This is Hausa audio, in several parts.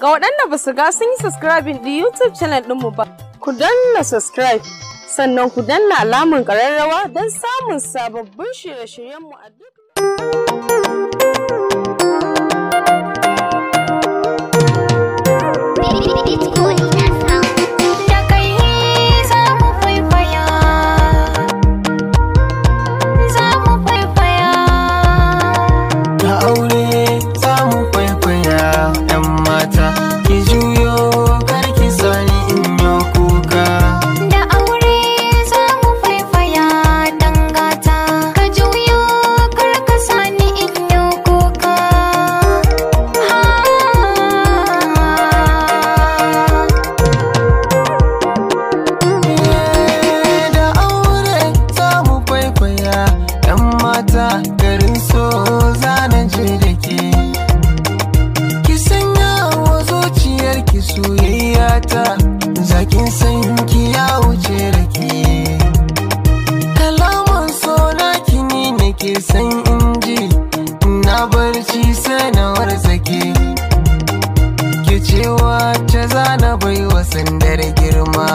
Ga waɗanda ba su ga sun yi subscribe ɗin YouTube channel ɗinmu ba, ku danna subscribe sannan ku danna alamun ƙararrawa don samun sababbin shirye-shiryenmu a duk It's maza garin so zanen ce da ke ki sanya wa zuciyar ki soyayya ta zakin san ki ya wuce rake kalaman so na kini ne ke san inji na barci sanawar zake ki cewa ta zana baiwa sandar girma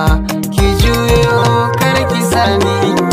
ki juyo kar ki sani